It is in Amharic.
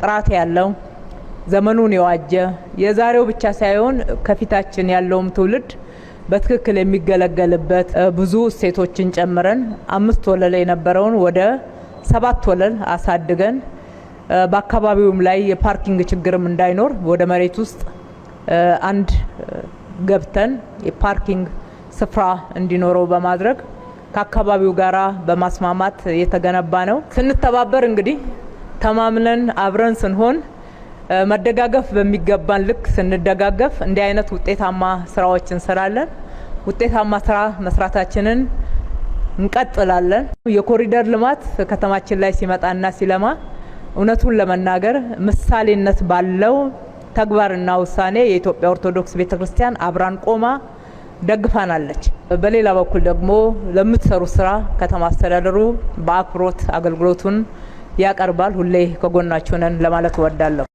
ጥራት ያለው ዘመኑን የዋጀ የዛሬው ብቻ ሳይሆን ከፊታችን ያለውም ትውልድ በትክክል የሚገለገልበት ብዙ እሴቶችን ጨምረን አምስት ወለል የነበረውን ወደ ሰባት ወለል አሳድገን በአካባቢውም ላይ የፓርኪንግ ችግርም እንዳይኖር ወደ መሬት ውስጥ አንድ ገብተን የፓርኪንግ ስፍራ እንዲኖረው በማድረግ ከአካባቢው ጋራ በማስማማት የተገነባ ነው። ስንተባበር እንግዲህ ተማምነን አብረን ስንሆን መደጋገፍ በሚገባን ልክ ስንደጋገፍ እንዲህ አይነት ውጤታማ ስራዎች እንሰራለን። ውጤታማ ስራ መስራታችንን እንቀጥላለን። የኮሪደር ልማት ከተማችን ላይ ሲመጣና ሲለማ እውነቱን ለመናገር ምሳሌነት ባለው ተግባርና ውሳኔ የኢትዮጵያ ኦርቶዶክስ ቤተ ክርስቲያን አብራን ቆማ ደግፋናለች። በሌላ በኩል ደግሞ ለምትሰሩ ስራ ከተማ አስተዳደሩ በአክብሮት አገልግሎቱን ያቀርባል። ሁሌ ከጎናችሁ ነን ለማለት እወዳለሁ።